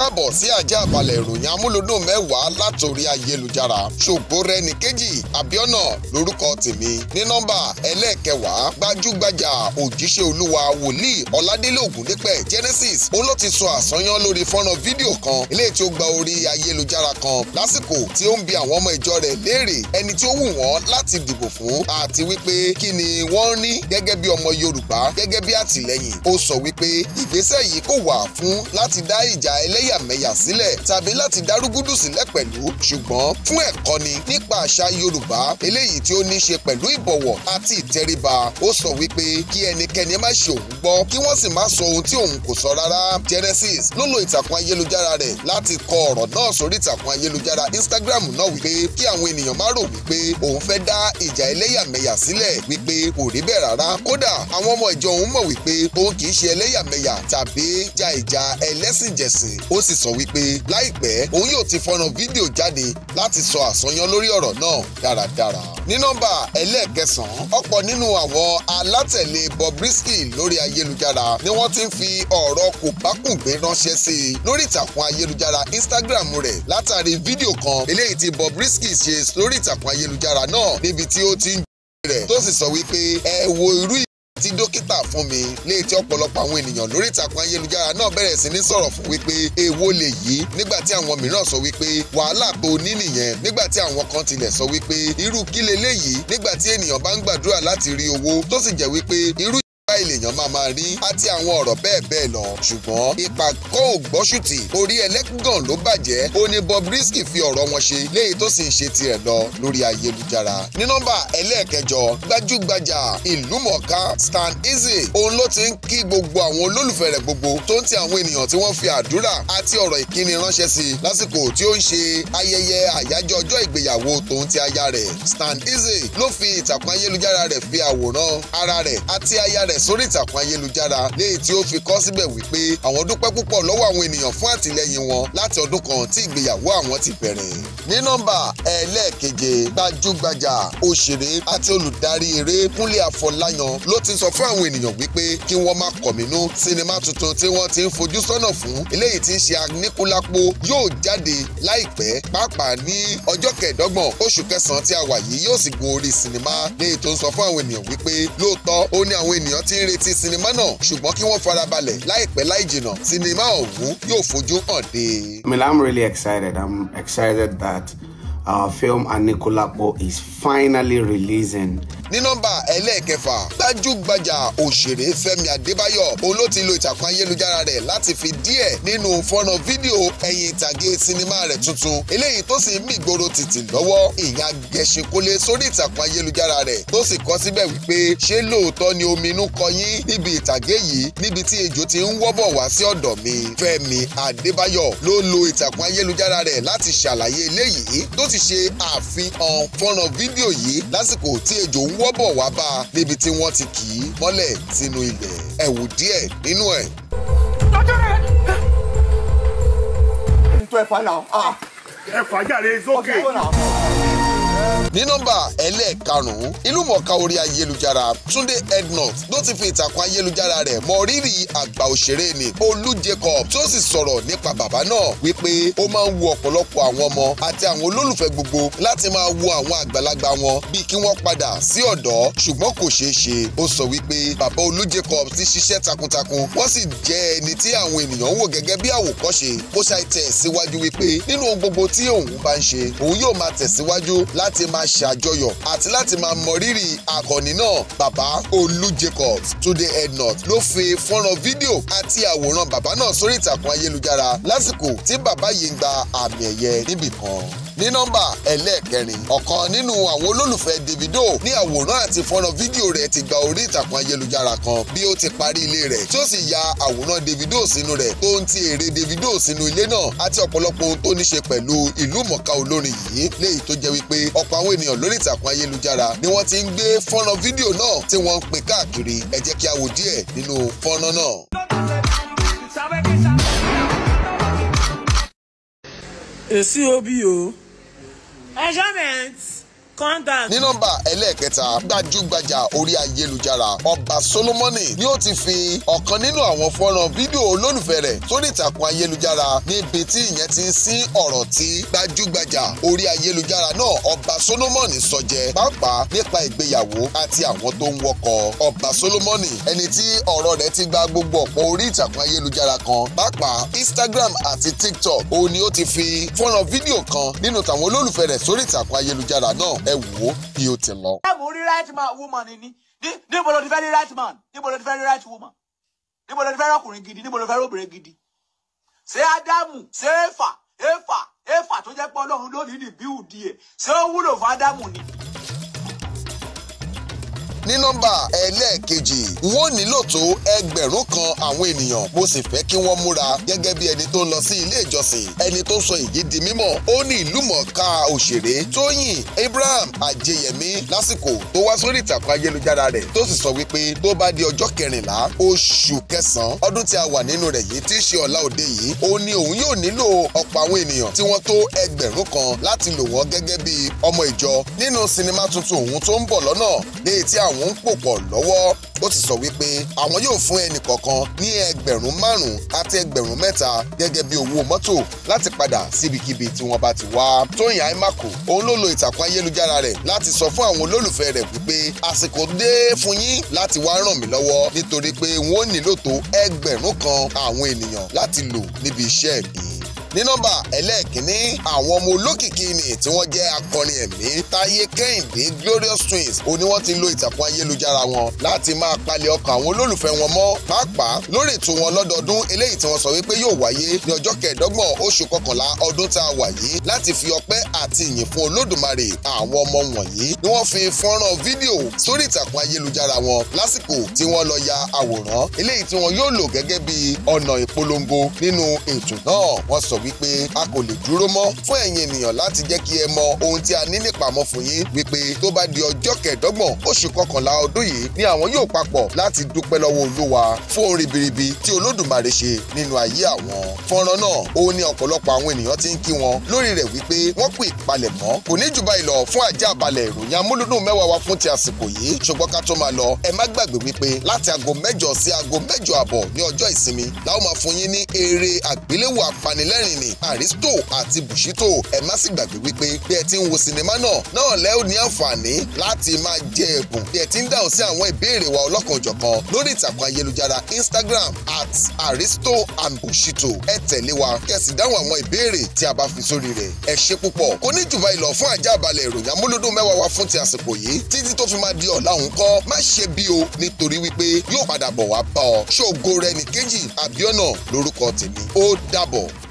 káàbọ̀ sí ajá balẹ̀ ìròyìn amúlùdùn mẹ́wàá látòrí ayélujára ṣògbórẹ́ni kejì abiona lórúkọ tèmi ní nọ́mbà ẹlẹ́ẹ̀kẹwàá gbajúgbajà òjíṣẹ́ olúwa wòlíì ọ̀làdélé ògúndépẹ̀ genesis òun sọ àsọyán lórí fọ́nrán fídíò kan eléyìí tí ó gba orí ayélujára kan lásìkò tí ó ń bi àwọn ọmọ ìjọ rẹ̀ léèrè ẹni tí ó wù wọ́n láti dìbò fún àti wípé kí ni wọ́n ní gẹ́gẹ́ bí ọmọ yorùbá gẹ́gẹ́ bí àtìlẹ́yìn ó sọ wípé ìgbésẹ̀ yìí kò wà fún láti dá ìjà ẹlẹ́y ẹ̀yàmẹ̀yà sílẹ̀ tàbí láti darúgúdù sílẹ̀ pẹ̀lú ṣùgbọ́n fún ẹ̀kọ́ ni nípa àṣà Yorùbá eléyìí tí ó ní ṣe pẹ̀lú ìbọ̀wọ̀ àti ìtẹríba ó sọ wípé kí ẹnikẹ́ni má ṣe òun gbọ́ kí wọ́n sì má sọ ohun tí òun kò sọ rárá Genesis ló lo ìtàkùn ayélujára rẹ̀ láti kọ ọ̀rọ̀ náà sórí ìtàkùn ayélujára Instagram náà wípé kí àwọn ènìyàn má rò wípé òun fẹ́ dá ìjà ẹlẹ́yàmẹ̀yà sílẹ̀ wípé kò rí bẹ́ẹ̀ rárá kódà àwọn ọmọ ìjọ òun mọ̀ wípé òun kì í ṣe ẹlẹ́yàmẹ̀yà tàbí ja ìjà ẹlẹ́sìnjẹ̀sìn ó ó sì sọ wípé láìpẹ́ òun yóò ti fọ́nrán fídíò jáde láti sọ àsọyán lórí ọ̀rọ̀ náà dáradára. ní nọ́mbà ẹlẹ́ẹ̀kẹsàn-án ọ̀pọ̀ nínú àwọn alátẹ̀lé Bobrisky lórí ayélujára ni wọ́n ti ń fi ọ̀rọ̀ kò bákùngbé ránṣẹ́ sí i lórí ìtàkùn ayélujára Instagram rẹ̀ látàrí fídíò kan eléyìí tí Bobrisky ṣe lórí ìtàkùn ayélujára náà níbi tí ó ti ń rẹ̀ tó sì sọ wípé ẹ wo irú tí dókítà fún mi léyìí tí ọ̀pọ̀lọpọ̀ àwọn ènìyàn lórí ìtàkùn ayélujára náà bẹ̀rẹ̀ sí ní sọ̀rọ̀ fún wípé èwo lè yí nígbà tí àwọn mìíràn sọ wípé wàhálà tó ní nìyẹn nígbà tí àwọn kan tilẹ̀ sọ wípé irú kí leléyìí nígbà tí ènìyàn bá ń gbàdúrà láti rí owó tó sì jẹ́ wípé irú láì lèèyàn máa máa rí àti àwọn ọ̀rọ̀ bẹ́ẹ̀ bẹ́ẹ̀ lọ ṣùgbọ́n ìpàkọ́ ògbọ́sùtì orí ẹlẹ́gàn ló bàjẹ́ ó ní Bobrisky fi ọ̀rọ̀ wọn ṣe léyìí tó sì ń ṣe tirẹ̀ lọ lórí ayélujára ní nọ́mbà ẹlẹ́ẹ̀kẹjọ gbajúgbajà ìlúmọ̀ọ́ká Stan Eze òun ló ti ń kí gbogbo àwọn olólùfẹ́ rẹ̀ gbogbo tó ń ti àwọn ènìyàn tí wọ́n fi àdúrà àti ọ̀rọ̀ ìkíni ránṣẹ́ sí lásìkò tí ó ń ṣe ayẹyẹ àyájọ́ ọjọ́ ìgbéyàwó tòun ti aya rẹ̀ Stan Eze ló fi ìtàkùn ayélujára rẹ̀ fi àwòrán ara rẹ̀ àti aya rẹ̀ sórí ìtàkùn ayélujára léyìí tí ó fi kọ síbẹ̀ wípé àwọn dúpẹ́ púpọ̀ lọ́wọ́ àwọn ènìyàn fún àtìlẹ́yìn wọn láti ọdún kan tí ìgbéyàwó àwọn ti bẹ̀rẹ̀. ní nọ́mbà ẹlẹ́ẹ̀keje gbajúgbajà òṣèré àti olùdarí eré Kúnlé Afọláyan ló ti sọ fún àwọn ènìyàn wípé kí wọ́n má kọ̀mínú sinimá tuntun tí wọ́n ti ń fojú sọ́nà fún eléyìí tí ń ṣe Aníkúlápó yóò jáde láìpẹ́ pàápàá ní ọjọ́ kẹẹ̀dọ́gbọ̀n oṣù kẹsàn-án tí a wà yìí yóò sì gun orí sinimá léyìí tó ń sọ fún àwọn ènìyàn wípé lóòótọ́ ó ní àwọn ènìyàn ti ń retí sinimá náà ṣùgbọ́n kí wọ́n farabalẹ̀ láìpẹ́ láì jìnnà sinimá ọ̀hún yóò fojú hàn dé. I mean, I'm really excited. I'm excited that our film Anikulapo is finally releasing. ní nọ́mbà ẹlẹ́ẹ̀kẹfà gbajúgbajà òṣèré Fẹ́mi Adébáyọ̀ olóòtí lo ìtàkùn ayélujára rẹ̀ láti fi díẹ̀ nínú fọ́nà fídíò ẹ̀yìn ìtàgé sinimá rẹ̀ tuntun eléyìí tó sì ń mì gbòòrò tìtì lọ́wọ́ ìyá gẹ̀ṣinkólé sórí ìtàkùn ayélujára rẹ̀ tó sì kọ síbẹ̀ wípé ṣé lóòótọ́ ni omi inú kọ yín níbi ìtàgé yìí níbi tí ejò ti ń wọ́bọ̀ wá sí ọ̀dọ̀ mi Fẹ́mi Adébáyọ̀ ló lo ìtàkùn ayélujára rẹ̀ láti ṣàlàyé eléyìí tó sì ṣe àfihàn fọ́nà fídíò yìí lásìkò tí ejò ń wọ́ bọ̀ wá bá a níbi tí wọ́n ti kì í mọ́lẹ̀ sínú ilẹ̀ ẹ wò díẹ̀ nínú ẹ̀. lọ́jọ́ ẹ̀fà náà. ẹ̀fà jáde sókè. ọ̀gá ìwọ̀n náà ní nọ́mbà ẹlẹ́ẹ̀karùn-ún ìlúmọ̀ọ́ká orí ayélujára Túndé Ednut ló ti fi ìtàkùn ayélujára rẹ̀ mọ rírì àgbà òṣèré ni Olú Jacob tó sì sọ̀rọ̀ nípa bàbá náà wípé ó máa ń wu ọ̀pọ̀lọpọ̀ àwọn ọmọ àti àwọn olólùfẹ́ gbogbo láti máa wo àwọn àgbàlagbà wọn bíi kí wọ́n padà sí ọ̀dọ́ ṣùgbọ́n kò ṣeé ṣe ó sọ wípé bàbá Olú Jacob ti ṣiṣẹ́ takuntakun wọ́n sì jẹ́ ẹni tí àwọn ènìyàn wò gẹ́gẹ́ bí àwòkọ́ṣe bó ṣàì tẹ̀ wípé nínú gbogbo tí òun bá ń ṣe òun yóò máa máa ṣàjọyọ̀ àti láti máa mọrírì akọni náà bàbá Olú Jacobs Túndé Ednut ló fi fọ́nrán fídíò àti àwòrán bàbá náà sórí ìtàkùn ayélujára lásìkò tí bàbá yìí ń gba àmì ẹ̀yẹ níbì ní nọ́mbà ẹlẹ́ẹ̀kẹrin ọ̀kan nínú àwọn olólùfẹ́ Davido ní àwòrán àti fọ́nrán fídíò rẹ̀ ti gba orí ìtàkùn ayélujára kan bí ó ti parí ilé rẹ̀ tí ó sì ya àwòrán Davido sínú rẹ̀ tó ń ti èrè Davido sínú ilé náà àti ọ̀pọ̀lọpọ̀ ohun tó ní ṣe pẹ̀lú ìlú mọ̀ká olórin yìí léyìí tó jẹ́ wípé ọ̀pọ̀ àwọn ènìyàn lórí ìtàkùn ayélujára ni wọ́n ti ń gbé fọ́nrán fídíò náà tí wọ́n ń pín káàkiri ẹ jẹ́ kí a wò díẹ̀ nínú fọ́nrán náà. èsì obi o. measurements. ní nọ́mbà ẹlẹ́ẹ̀kẹta gbajúgbajà orí ayélujára ọba Solomoni ni ó ti fi ọ̀kan nínú àwọn fọ́nrán fídíò olólùfẹ́ rẹ̀ sórí ìtàkùn ayélujára níbi tí ìyẹn ti ń sí ọ̀rọ̀ tí gbajúgbajà orí ayélujára náà ọba Solomoni sọ jẹ pàápàá nípa ìgbéyàwó àti àwọn tó ń wọkọ ọba Solomoni ẹni tí ọ̀rọ̀ rẹ̀ ti gba gbogbo ọ̀pọ̀ orí ìtàkùn ayélujára kan pàápàá Instagram àti TikTok òun ni ó ti fi fọ́nrán fídíò kan nínú tàwọn olólùfẹ́ rẹ̀ sórí ìtàkùn ayélujára náà ẹ wò ó bí ó ti lọ. ẹ mú rí right man woman ni níbo ló ti fẹ́ rí right man níbo ló ti fẹ́ rí right woman níbo ló ti fẹ́ rí ọkùnrin gidi níbo ló fẹ́ rí obìnrin gidi. ṣé ádámù ṣé éfà éfà éfà tó jẹ́ pé ọlọ́run lónìí ní bíù díẹ̀ ṣé ó wúlò fún ádámù ni ní nọ́mbà ẹlẹ́ẹ̀kejì wọ́n nílò tó ẹgbẹ̀rún kan àwọn ènìyàn mo sì fẹ́ kí wọ́n múra gẹ́gẹ́ bí ẹni tó ń lọ sí ilé ìjọsìn ẹni tó sọ èyí di mímọ̀ ó ní ìlú mọ̀ọ́ká òṣèré Tóyìn Abraham Ajẹyẹmí lásìkò tó wá sórí ìtàkùn ayélujára rẹ̀ tó sì sọ wípé tó bá di ọjọ́ kẹrìnlá oṣù kẹsàn-án ọdún tí a wà nínú rẹ̀ yìí tí í ṣe ọ̀la òde yìí ó ní òun yóò nílò ọ̀pọ̀ àwọn ènìyàn tí wọ́n àwọn ń pòpọ̀ lọ́wọ́ ó ti sọ wípé àwọn yóò fún ẹnì kọ̀ọ̀kan ní ẹgbẹ̀rún márùn-ún àti ẹgbẹ̀rún mẹ́ta gẹ́gẹ́ bí owó mọ́tò láti padà síbikíbi tí wọ́n bá ti wá. Tóyìn Àìmàkò òun ló lo ìtàkùn ayélujára rẹ̀ láti sọ fún àwọn olólùfẹ́ rẹ̀ wípé àsìkò dé fún yín láti wá ràn mí lọ́wọ́ nítorí pé wọ́n nílò tó ẹgbẹ̀rún kan àwọn ènìyàn láti lò níbi iṣẹ́ mi ní nọ́mbà ẹlẹ́ẹ̀kínní àwọn ọmọ olókìkí ni tí wọ́n jẹ́ akọrin ẹ̀mí táyé kẹ́hìndé glorious twins ó ní wọ́n ti lo ìtàkùn ayélujára wọn láti máa palẹ̀ ọkàn àwọn olólùfẹ́ wọn mọ́ pàápàá lórí ètò wọn lọ́dọọdún eléyìí tí wọ́n sọ wípé yóò wáyé ní ọjọ́ kẹẹ̀ẹ́dọ́gbọ̀n oṣù kọkànlá ọdún tá a wà yìí láti fi ọpẹ́ àti ìyìn fún olódùmarè àwọn ọmọ wọ̀nyí ni wọ́n fi fọ́nrán fídíò sórí ìtàkùn ayélujára wọn lásìkò tí wọ́n lọ ya àwòrán eléyìí tí wọ́n yóò lò gẹ́gẹ́ bí ọ̀nà ìpolongo nínú ètò náà wọ́n sọ wípé a kò lè dúró mọ́ fún ẹ̀yin ènìyàn láti jẹ́ kí ẹ mọ ohun tí a ní ní pamọ́ fún yín wípé tó bá di ọjọ́ kẹẹ̀dọ́gbọ̀n oṣù kọkànlá ọdún yìí ni àwọn yóò papọ̀ láti dúpẹ́ lọ́wọ́ olúwa fún ohun ribiribi tí olódùmarè ṣe nínú ayé àwọn fọ́nrán náà òun ni ọ̀pọ̀lọpọ̀ àwọn ènìyàn ti ń kí wọn lórí rẹ̀ wípé wọ́n kú ìpalẹ̀mọ́ kò ní jù báyìí lọ fún àjààbálẹ̀ ìròyìn amúlùdùn mẹ́wàá wa fún ti àsìkò yìí ṣùgbọ́n ká tó máa lọ ẹ má gbàgbé wípé láti aago mẹ́jọ sí aago mẹ́jọ àbọ̀ ní ọjọ́ ìsinmi la máa fún yín ní eré àgbéléwò apanilẹ́rìn wáìnì àrísítò àti bùṣítò ẹ má sì gbàgbé wípé bí ẹ ti ń wo sinimá náà náà lẹ́ ò ní àǹfààní láti máa jẹ ẹ̀bùn bí ẹ ti ń dáhùn sí àwọn ìbéèrè wa ọlọ́kanòjọ̀kan lórí ìtàkùn ayélujára Instagram at àrísítò and bùṣítò ẹ tẹ̀lé wa kí ẹ sì dáhùn àwọn ìbéèrè tí a bá fi sórí rẹ̀ ẹ ṣe púpọ̀ kò ní jùbá ìlọ fún àjàbalẹ̀ ìròyìn amúlódún mẹ́wàá wa fún ti àsìkò yìí títí tó fi máa di ọ̀la òun kọ́ má ṣe bí o nítorí wípé yóò padà bọ̀ wá bá ọ ṣògo rẹ nìkejì àbíọ́nà lórúkọ tèmi ó dàbọ̀.